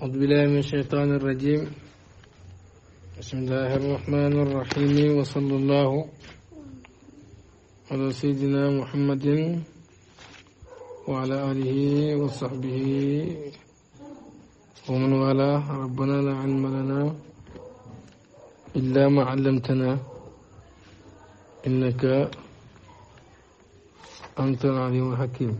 أعوذ بالله من الشيطان الرجيم بسم الله الرحمن الرحيم وصلى الله على سيدنا محمد وعلى آله وصحبه ومن والاه ربنا لا علم لنا إلا ما علمتنا إنك أنت العليم الحكيم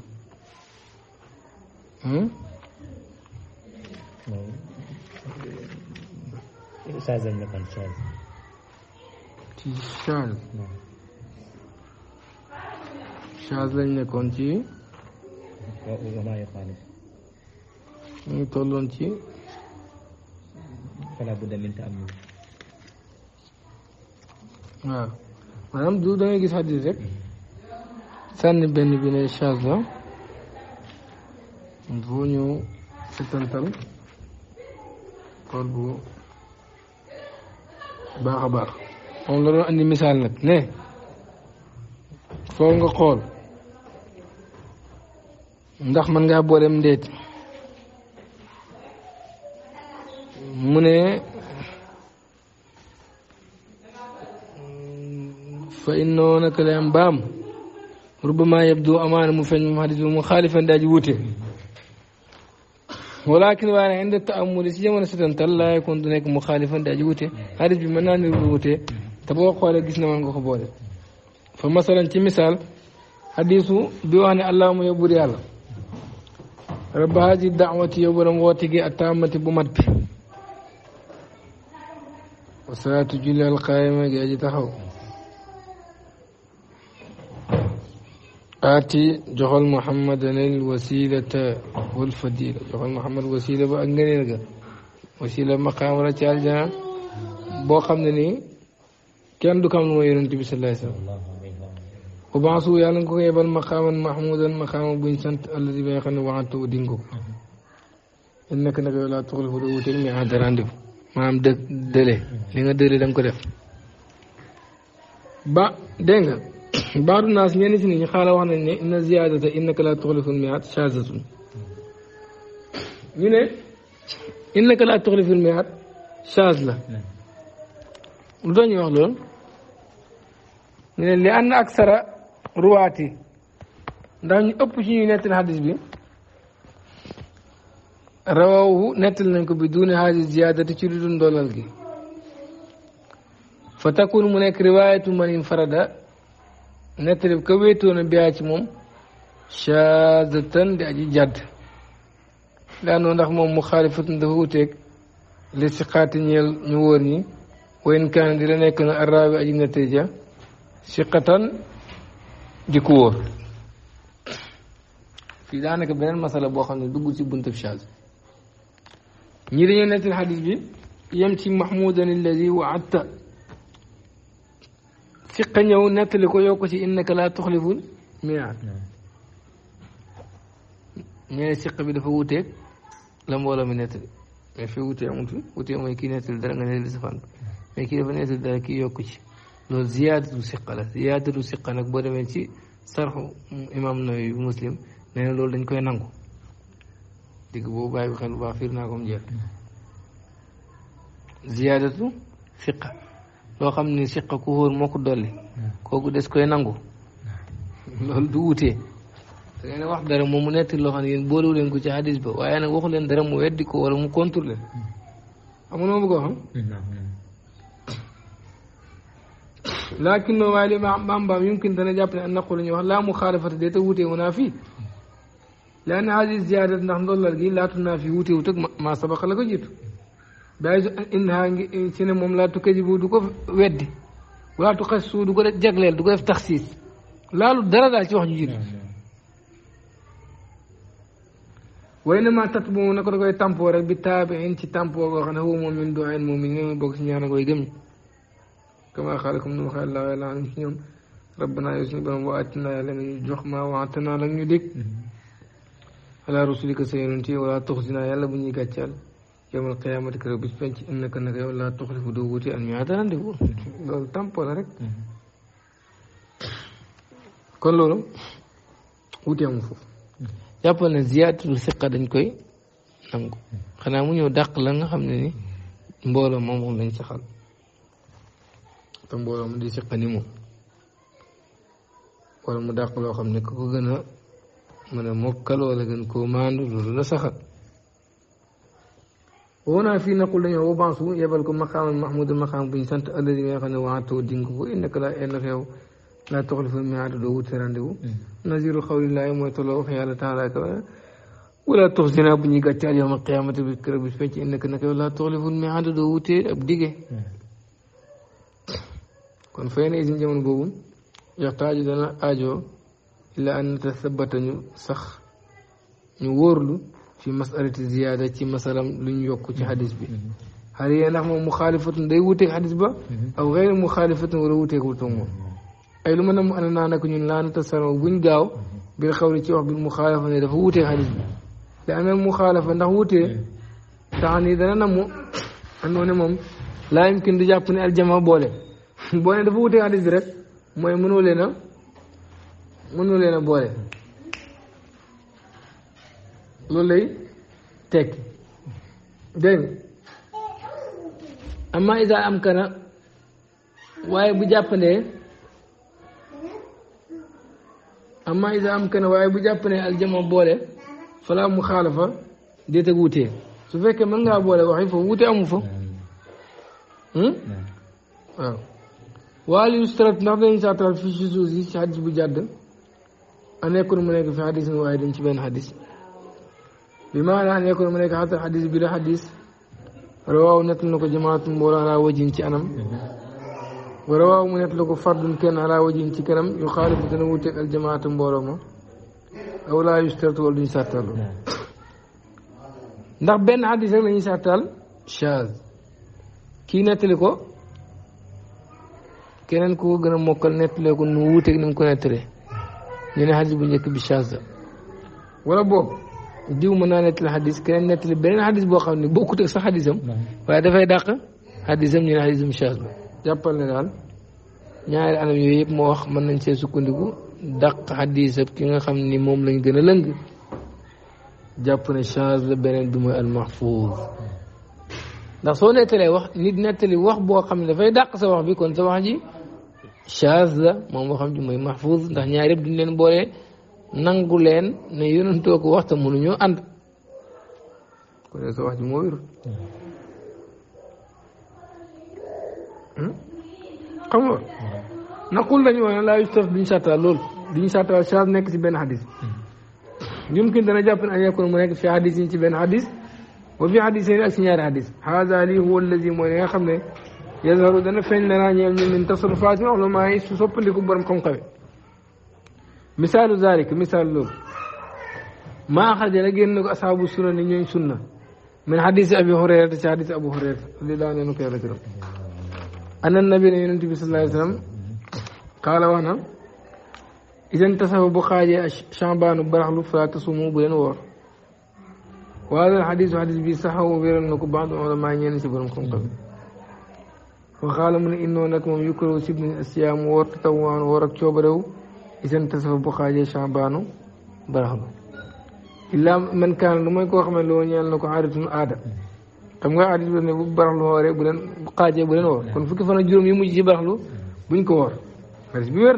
Sazen Lepan Charles. Ci Charles Charles lañ nekkoon ci. waaw waaye xaalis. ñu ngi tolloon ci. fala bu demee te am na. waaw maanaam du da ngay gis xadis rek. sànni benn bi ne Charles la. boo ñëw setantal tool bu. baax a baax moom la doon andi misaal nag ne foofu nga xool ndax mën ngaa booleem ndeet mu ne fa innoo naka la am baam rubama yabdu amaana mu feeñ moom xadis bi mu xaalifan daa ji wute walakin waaye inde taamuli si jamono setantal laa yakun du nekk mu xaalifan di aji wute xadis bi mën naa ni wute te boo xoolee gis na mën nga ko boole fa masalan ci misaal xadisu bi wax ne allahuma yow buur yàlla rabba haji daawati yow borom woote gi ak taamati bu mat bi wasalaatu julli alqaayima gi aji taxaw aati joxal muhammadan al wasilata wal fadila joxal muhammad wasila ba ak ngëneel ga wasila maqaam la ci aljana boo xam ne nii kenn du kam lu mooy yonent bi sallallahu alayhi wa sallam wa baasu yàlla nga ko yebal maqaaman ma maqaama buñ sant alladi ba nga xam ne waxante di nga ko in nekk nag yow laa mi ànd rendez-vous maanaam nga dële da nga def baadu naas ñenn si nit ñi xaala wax nañ ne inna ziyaadata innaka laa tuxliful miyaat shaazatun ñu ne innaka laa tuxliful miyaat shaaz la lu tax ñuy wax loolu ñu ne li ànd ak sara ruwaati ndax ñu ëpp ci ñuy nettali xadis bi rawawu nettali nañ ko bi duuni haadi ziyaadati ci lu dul ndoolal gi fa takun mu nekk riwaayatu man infarada نترب كويتو نبيات موم شاذتن دي اجي جاد لانو نخ موم مخالفت ندهوتك لسقات نيل نيورني وين كان دي لنك الراوي اجي نتيجة سقتن دي كور في ذلك بين المسألة بوخاني دوغو سي بنتب شاذ ني دي نتي الحديث بي يمتي محمودا الذي وعدت siqa ñëw nettali ko yokk ci innaka laa tuxliful miyaat ñee hmm. siq bi dafa wuteeg la mbooloo mi nettali mais fii wutee amut fi wutee mooy kii nettali dara nga nettali safaan mais kii dafa nettali dara kii yokku ci loolu ziyaadatu siqa la ziyaadatu siqa nag boo demee ci sarxu imam Nawawi bu muslim nee loolu dañ koy nangu digg boobu bàyyi ko xel baax fiir naa ko jeex hmm. ziyaadatu siqa loo xam ni siqa ku xóor moo ko dolli hmm. kooku des koy nangu hmm. loolu du wutee da ngeen wax dara moo mu netti loo xam ne yéen boolewu leen ko ci hadis ba waaye ne waxu leen dara mu weddi ko mu contrôler xam hmm. nga noo a xam laakin noo waaye li ma mbaam mbaam yumkin jàpp ne an naqulu ñu wax laa mu xaalifata dee te wutee wonaa fii laan hadis ziyaadat ndax ndollal gi laatu naa fi wuteewu tëg ma sabaqa la ko bàyyi su inha ngi si moom laa tukka ji bu du ko weddi walaa tuxas suu ko def jagleel du ko def taxsiis dara daal ci wax ju jiitu way na ma tat bu na ko da koy tampoo rek bi taabiin ci tampoo koo xam ne moom min doyen moom mi nga bokk si ñaar na koy gëm ñi kama xaalakum nu ma xel laa yàlla am si ñoom rabbana yow suñu borom waatina yàlla nga ñu jox ma mm-hmm. waatana la ñu dégg ala rasulika sa yonent wala tuxsina yàlla bu ñuy gàccal yowmal qiyaamati kër bis penc innaka naka yow laa tuxlifu doo wuti al la rek kon loolu foofu jàppal ne ziyaadatul siqa dañ koy nangu xanaa mu ñëw dàq la nga xam ne ni mbooloo moom moom lañ saxal te mbooloo mu di siqa ni moom wala mu dàq loo xam ne ku ko gën mën a mokkaloo la gën koo maandu loolu la saxal wonaa fii naqul dañoo wa bansu yebal ko maqaaman mahmuda maqaam bu ñu sant alladi nga xam ne waatoo ding ko innaka laa innaka yow laa toxalifa doo wute hmm. ab dige hmm. kon fay na isim jamono boobu yaxtaaju dana aajoo illa an natasabata ñu sax ñu wóorlu fi masalati ziyaada ci masalam lu ñu yokk ci xadis bi xar mhm. yee ndax moom muxaalifatun day wuteeg xadis ba mhm. aw xeyri muxaalifatun wala wuteegul mhm. a mu naa nako ñun laa nata saro gaaw bil xawli ci wax bil muxaalafa ne dafa wuteeg xadis bi da amee muxaalafa ndax wutee taxan yi dana namu andoo ne moom laa yumkin du jàpp ne aljama boole boo ne dafa wuteeg xadis bi rek mooy mënoo leen a mënoo boole loolu lay teg dégg amma isa am kana waaye bu jàppandee amma isa am kana waaye bu jàppandee aljama boole fala mu xaalafa déet ak wuute su fekkee mën ngaa boole waxi foofu wuute amu fa hmm? waaw waal yustarat ndax dañu saatal fi si suuf si si xadis bu jàdd a nekkul mu nekk fi xadis waaye dañ ci benn xadis bi maanaa an yakun mu nekk xasal xadis bi la xadis rawaaw nett na ko jamaatun mboolo alaa wajin ci anam wa rawaaw mu nett la ko fardun kenn alaa wajin ci kanam yu xaalifu dana wuuteeg al benn xadis rek la ñuy kii nettali ko keneen ko gën a mokkal nettalee ko nu wuuteeg ni mu ko nettalee ñu ne bu njëkk bi chaz la wala boobu ديو منانة الحديث كان نت لبرين حديث بوقع بوكو تكسر حديثهم وهذا في داقة حديثهم من حديث مشاهد جبل نعال نعال أنا يجيب موخ من نشي سكون دقو داق حديث كي نخم نموم لن جنة لنج جبل نشاهد لبرين دم المحفوظ دا سو نت لي وقت نيد نت لي وقت بوقع من في داقة سو وقت بيكون سو وقت جي شاذ لا مو خم جمعي محفوظ دا نعال بدنين بوري nangu leen ne yonentoo ko waxta mënuñoo ànd kon sa wax ji moo wérul hmm? xam nga naqul dañu wax ne laa yustaf duñu sàttaal loolu duñu sàttaal nekk ci benn xadis hmm. yumkin dana jàpp ne an yakun mu nekk ci benn xadis wa fi xadis yi ak ci ñaari xadis haza lii huwa allazi mooy li nga xam ne yazharu dana feeñ lanaa ñeel ñu min tasarrufaat wax la maa ngi su soppandiku borom xam-xame misaalu zalik misaal loolu maa xaja la génn ko asaabu sunna ni ñooñ sunna min xadisi abi hurayrata ci xadisi abu hurayrata radiyallaahu anhu ko yàlla gërëm ana nabi ne yonent bi sallallaahu alayhi wa sallam qaala wax na idan tasafa bu xaajee chambaanu baraxlu fala tasumu bu leen woor waaloolu xadisu xadis bi saxaw wéral na ko baax ulama ñenn si borom xam-xam wa qaala mu ne innoo nag moom yukrahu sibni asiyaam woor tatawwaan woor ak coobarew isan tasafa bu xaajee chambaanu baraxlu illaa man kaan lu mooy koo xam ne loo ñeel ko aadatun aada xam nga aada ne bu baraxlu wooree bu leen bu xaajee bu leen woor kon fukki fan ak juróom yi mujj ci baraxlu buñ ko woor xaris bi wér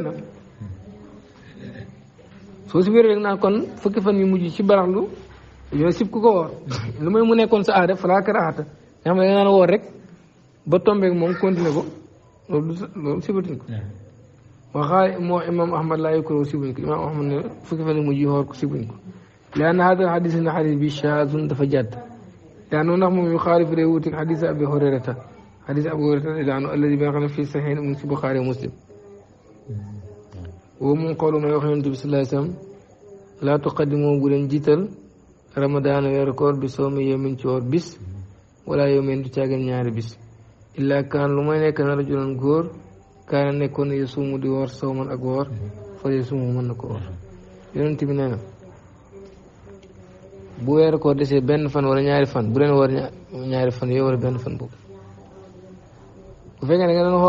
na fan yu mujj ci baraxlu yow sib ku ko woor lu mooy mu nekkoon sa aada falaa karaahata nga ne nga naan woor rek ba tombeek moom continué ko loolu loolu ko waxaa moo imaam ahmad laayo ko sibuñ ko imaam ahmad ne fukki fan mujj لأن هذا الحديث إن حديث بشاذ دفجات لأنه نحن يخالف ريوتك حديث أبي هريرة حديث أبي هريرة لأنه الذي بين في صحيح من البخاري ومسلم ومن قول ما يوحي النبي صلى الله عليه وسلم لا تقدموا بولن جيتال رمضان ويركور بصوم يوم تور بس ولا يومين تشاغن نهار بس إلا كان لما كان رجلا غور kaana nekkoon na yasuumu di woor saw man ak woor fa yasuumu mën na ko woor bi na bu weeru desee benn fan wala ñaari fan bu leen ñaari fan yooyu wala benn fan boobu bu fekkee ne nga doon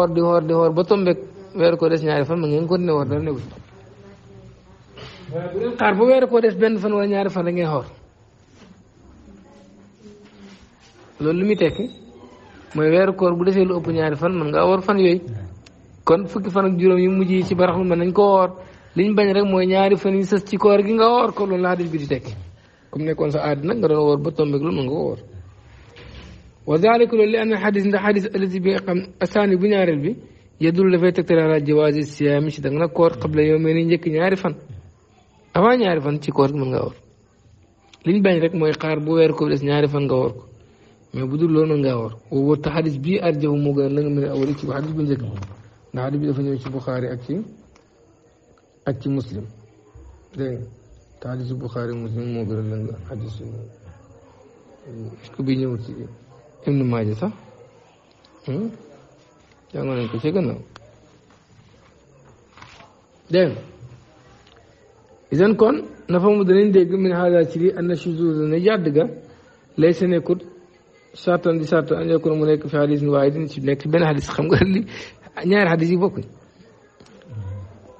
xoor des fan ma ngeen bu leen weeru koor des benn fan wala ñaari fan rek ngeen xoor loolu lu muy mooy weeru koor bu desee lu ëpp ñaari fan mën ngaa woor fan yooyu kon fukki fan ak juróom yi mujj yi ci baraxlu mën nañ ko woor liñ bañ rek mooy ñaari fan yi sës ci koor gi nga woor ko loolu la hadis bi di tekki comme nekkoon sa aada nag nga doon woor ba tombéeg loolu mën nga ko woor wa dalika loolu li anna xadis bi nga xam ñaareel bi yedul dafay tegtale ala jawaasi siyaami si da nga ñaari fan avant ñaari fan ci koor gi mën bañ rek mooy xaar bu weer ko ñaari fan nga woor bu dul loolu mën ngaa woor woo wërta xadis bii arjaw moo gën a la nga mën a awali ci xadis bu njëkk ndax hadith bi dafa ñëw ci Bukhari ak ci ci muslim dégg nga te hadithu Bukhari muslim moo gën a lënd hadithu ku bi ñëw ci Ibnu Maaja sax hmm? jàngoon nañ ko ci gannaaw dégg nga isan kon nafa mu danañ dégg min haada ci lii anna shuzuz ne jàdd ga lay sa nekkut sartan di sartan an yakun mu nekk fi hadis waaye dina ci nekk benn hadis xam nga li ñaari xadis yi bokkuñ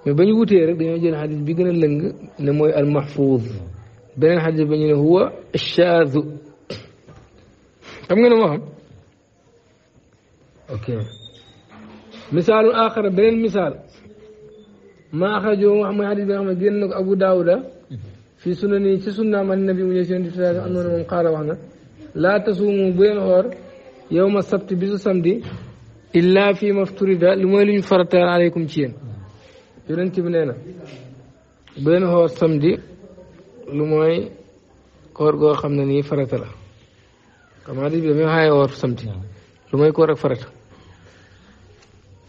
mais ba ñu wutee rek dañoo jël xadis bi gën a lëng ne mooy al mahfuuz beneen xadis ba ñu ne huwa shaadu xam nga ne moo xam ok misaalu aaxara beneen misaal maa axrajoo nga xam mooy xadis bi nga xam ne génn na ko Abu Daawuda fii sunani ci sunnaam an nabi mu ñëw si yonent bi sallallahu alayhi wa sallam moom xaala wax na laa tasuumu bu leen xoor yow ma sabti bisu samedi illa fi mafturida lu mooy lu ñu farataal aleykum ci yéen bu leen xoor samedi lu mooy koor goo xam ne nii farata la xam nga bi dafay xaaye woor samedi koor ak farata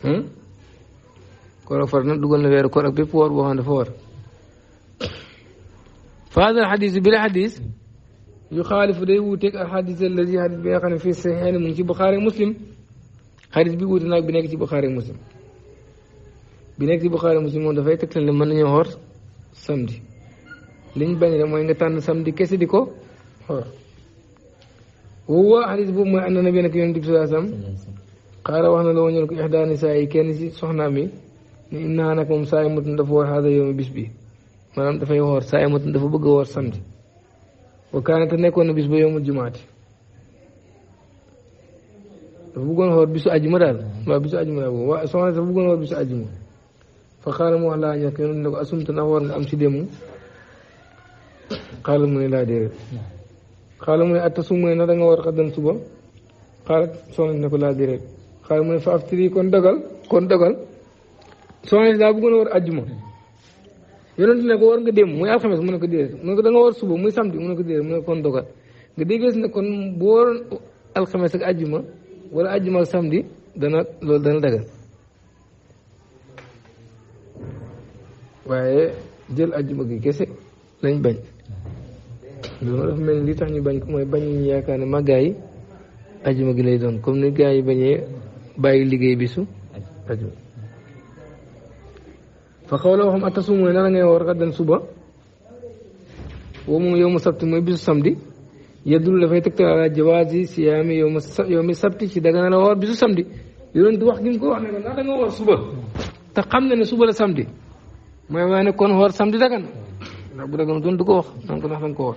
hmm? koor ak farata nag dugal na weeru koor ak bépp woor boo xam ne fa hada alxadis bi la xadis yu xaalifu day wuuteeg alxadis alladi xadis bi nga xam ne fii saxiixayn mu ngi ci Buxaari Muslim xadis bi wuute naag bi nekk ci Buxaari Muslim bi nekk ci Buxaari Muslim moom dafay tegtal nañoo xor samedi liñ mooy nga tànn samedi kese di ko xor wowaa xadis boobu mooy ànd na bi nekk yonent bi salaa sam wax na la wañal ko ixdaa nisaa yi kenn si soxnaam yi ne innaa nag moom saayimatun dafa woor xaada yoomi bis bi maanaam dafay woor saayimatun dafa bëgg a woor samedi wa kaanata nekkoon na bis ba yoomul jumaati dafa bëggoon xool bisu àjjuma daal waaw bisu àjjuma daal waaw bisu àjjuma fa xaaral wax laa ñàkk ko asumta ndax war nga am si démb mu ne laa su mu ne daa war àjjuma yonent ne ko war nga muy alxames mu ne ko déedéet mu ne ko da nga war suba muy samedi mu ne ko mu ne kon dogal nga déggee ne kon boo waroon alxames ak àjjuma wala àjjuma ak samedi dana loolu dana dagan waaye jël àjjuma gi kese lañ bañ loolu dafa mel ni tax ñu bañ ko mooy bañ ñu yaakaar ne màggaay yi àjjuma gi lay doon comme ni gaa yi bañee bàyyi liggéey bisu àjjuma fa xaw la waxam atasuum mooy na la ngay woor xaddan suba woo moom yow sabti mooy bisu samedi yeddul dafay tegtal ala jawaaz yi siyaami yow sabti ci daga la woor bisu samedi yonent wax gi mu ko wax ne ko ndax suba te xam na suba la samedi mooy maa ne kon woor samedi daga na ndax bu daga doon ko wax nan ko ndax ko woor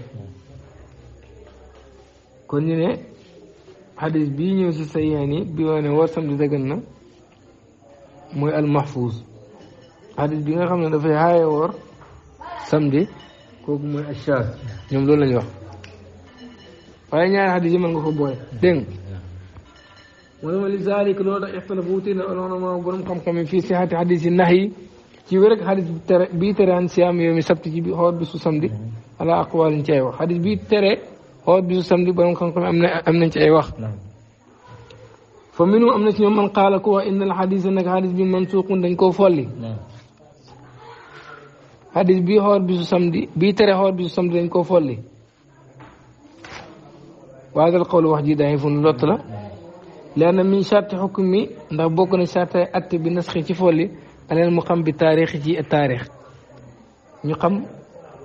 kon ñu sa yéen yi bi wane dagan na mooy almahfuuz xadis bi nga xam ne dafay aaye woor samedi kooku mooy ashaaz ñoom loolu lañu wax waaye ñaari xadis yi ko boole dégg nga mu ne li zalik loolu tax ixtilaaf wuute na ulama borom xam-xam yi fii sihati xadis ci wér ak xadis bi tere an siyaam yow sabti ci bi xoor bi su samedi mm-hmm. ala aqwalin ci ay wax xadis bi su samedi borom xam-xam nañ ci ay wax fa minum am na ci ñoom man qaala ku wax inna al xadis nag bi mansuuqun dañ ko folli bi su samedi bii tere bi su dañ koo folli وهذا القول وحدي ضعيف لطلا لأن من شرط حكمي ده بكون شرط أت بنسخة فولي على المقام بتاريخ جي التاريخ نقام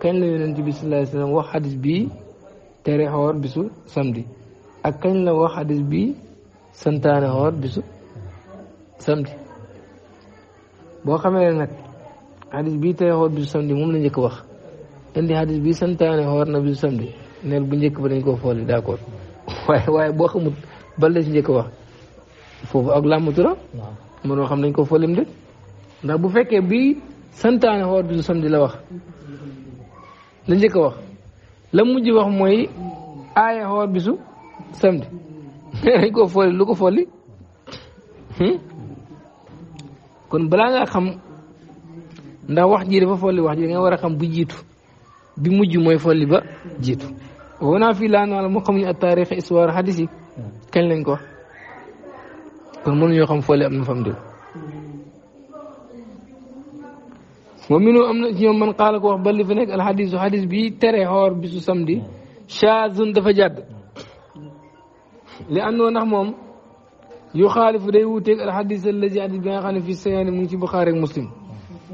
كان النبي صلى الله عليه وسلم واحد بي تاريخ هور بسو سمدي أكن لو واحد بي سنتان هور بسو سمدي بو خمي نك حديث بي تاريخ هور بسو سمدي مم نجيك واخ عندي حديث بي سنتان هور نبي سمدي نل بنجيك بنجيك فولي داكور waaye waaye boo xamut ban si njëkk wax foofu ak làmbatu la. mënoo xam nañ ko fëlim de ndax bu fekkee bi santaane xoor bi su samedi la wax la njëkk wax la mujj wax mooy aaye xoor bi su samedi dañ koo folli lu ko folli hmm? kon balaa ngaa xam ndax wax ji dafa folli wax ji da nga war a xam bu jiitu bi mujj mooy folli ba jiitu هنا في لان مقام التاريخ اسوار حديثي كان لنكو كل من يخم فولي أمن فهم دول ومن أمن يوم من قال كو بل فنك الحديث حديث بي تري هور بسو سمدي شاذ دفجد لأنه نحمم يخالف ريوتك الحديث الذي عدد بها خاني في السيان من بخاري مسلم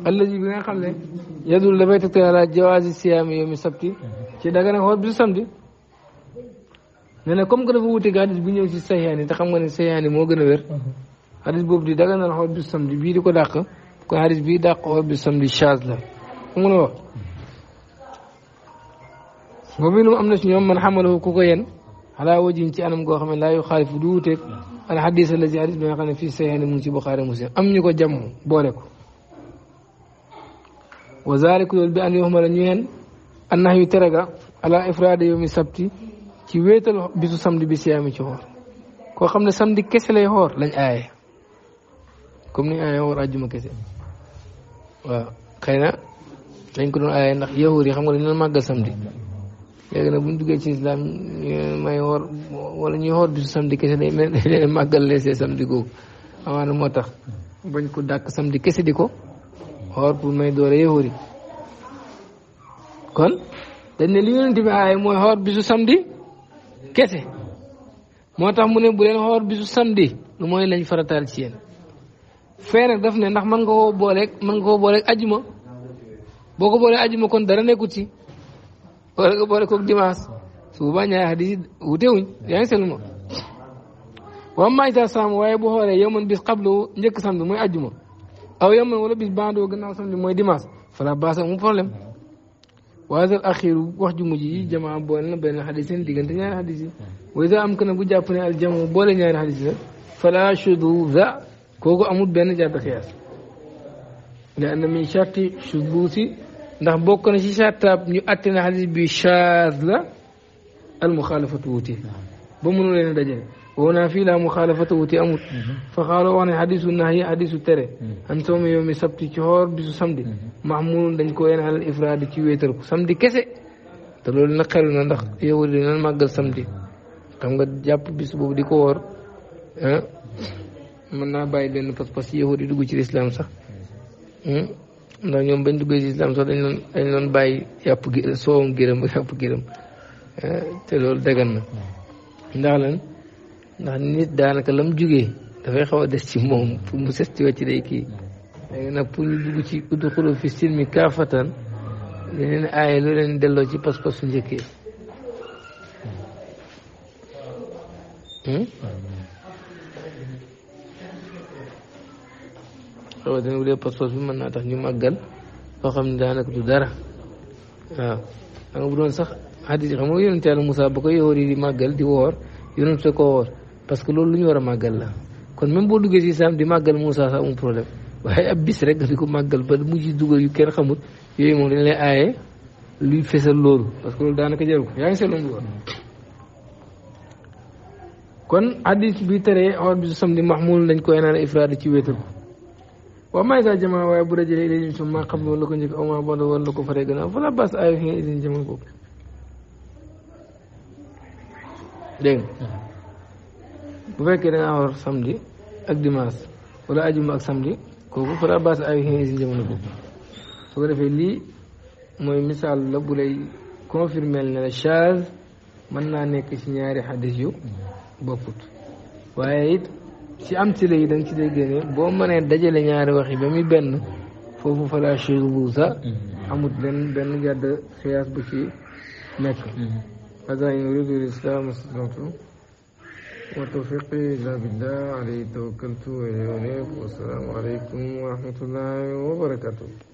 الذي بها خاني يدل لبيتك على جواز السيام يوم السبت ci da nga ne xool bisu samedi ne ne comme que dafa wuute ga hadis bu ñëw ci sahihaani te xam nga ne sahihaani moo gën a wér hadis boobu di daganal xool bisu samedi bii di ko dàq kon hadis bii dàq xool bisu samedi chaz la xam nga la wax wa minhum am na ci ñoom man xamalahu ku ko yen ala wajin ci anam goo xam ne laa yu xaalifu du wuuteeg al hadis la ci hadis bi nga xam ne fii sahihaani mu ngi ci buxaari muslim am ñu ko jàmm boole ko wa zalik loolu bi an yoxuma la ñu yen annax yu tere ga ala ifraada yawmi sabti ci wéetal bisu samedi bi siyaami ci xoor koo xam ne samedi kese lay xoor lañ aaye comme ni aaye xoor àjjuma kese waaw xëy na dañ ko doon aaye ndax yahuud xam nga dañ doon màggal nag bu duggee ci islam may xoor wala ñuy moo tax bañ ko dàkk samedi kese di ko xoor pour may doore yahuud kon dañ ne li yonent bi aay mooy xoor bisu samedi kese moo tax mu ne bu leen xoor bisu samedi lu mooy lañ farataal ci yéen fee nag daf ne ndax mën nga koo booleeg mën nga koo booleeg ajuma boo ko boolee ajuma kon dara nekku ci wala nga boole kook dimanche su boobaa ñaari xadis yi wutewuñ yaa ngi seetlu ma wa maa itaa saam waaye bu xoolee yow man bis xablu njëkk samedi mooy ajuma aw yow man wala bis bandoo gannaaw samedi mooy dimanche fala mu problème وهذا الأخير واحد مجيء جماعة بولنا بين الحديثين دي قنت نهاية الحديثة وإذا أمكن أبو جابنا الجمع بولنا نهاية الحديثة فلا شذوذ كوكو أمود بين جابة خياس لأن من شرط شذوذي ndax bokk na ci sàttaab ñu atte na xalis bi chaz la naa fii وهنا في لا مخالفة وتأمت فقالوا عن حديث النهي حديث التري أن صوم يوم السبت شهور بسو سمدي محمول دنكوين على الإفراد كي ويترك سمدي كسي تلول نقلنا نخ يولي نمقل سمدي xam nga jàpp bisu boobu di ko woor ah mën naa bàyyi benn pas-pas di dugg ci lislaam sax ndax ñoom bañ dugg ci lislaam sax dañ bàyyi yàpp gi soowam gërëm yàpp gërëm loolu dagan na ndax lan ndax nit daanaka lam jugee dafay xaw a des ci moom pour mu set ci wàcc day kii léegi nag pour ñu dugg ci uddu xuloo fi silmi kaafatan leneen aaye lu leen delloo ci pas-pasu njëkk yi hmm? rawatina bu dee pas-pas bi mën naa tax ñu màggal foo xam ne daanaka du dara waaw da nga bu doon sax xadis yi xam nga yonent Yàlla Moussa ba ko yowóor yi di màggal di woor yonent sa parce que loolu lu ñu war a màggal la kon même boo duggee ci islam di màggal Moussa sax amul problème waaye ab bis rek di ko màggal ba mujj dugal yu kenn xamul yooyu moom dañ parce que loolu daanaka jaru ko yaa ngi seetlu mu kon hadis bi teree koy naan ifraad ci wéetal ko waaw may sa jamaa waaye bu dajale ilayhim summa qabla wala ko njëkk aw maa ba'da wala ko faree gannaaw fala bas ayo fi nga idin jamaa boobu bu fekkee da ngaa war ak dimanche wala ajuma ak samedi kooku fala baas ay xëy si jamono boobu su ko defee lii mooy misaal la bu lay confirmer ne la charge mën naa nekk ci ñaari xadis yu bokkut waaye it ci am ci lay da ci lay génne boo mënee dajale ñaari wax yi ba muy benn foofu fala chir bu sa mm-hmm. amut benn benn gàdd xiyaas bu ci nekk. Mm-hmm. وتوفيقي إلا بالله عليه توكلت وإليه والسلام عليكم ورحمة الله وبركاته